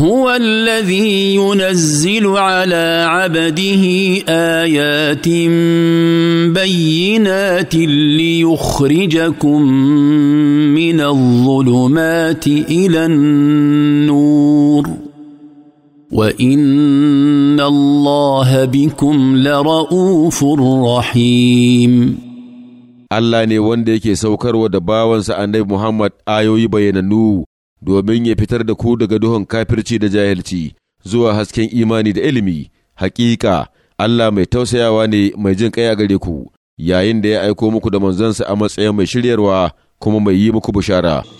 هو الذي ينزل على عبده ايات بينات ليخرجكم من الظلمات الى النور وان الله بكم لرؤوف رحيم Allah ne wanda yake saukarwa da bawansa annabi Muhammad ayoyi domin ya fitar da ku daga duhun kafirci da jahilci zuwa hasken imani da ilimi, hakika Allah mai tausayawa ne mai jin kai a gare ku, yayin da ya aiko muku da manzansa a matsayin mai shiryarwa kuma mai yi muku bishara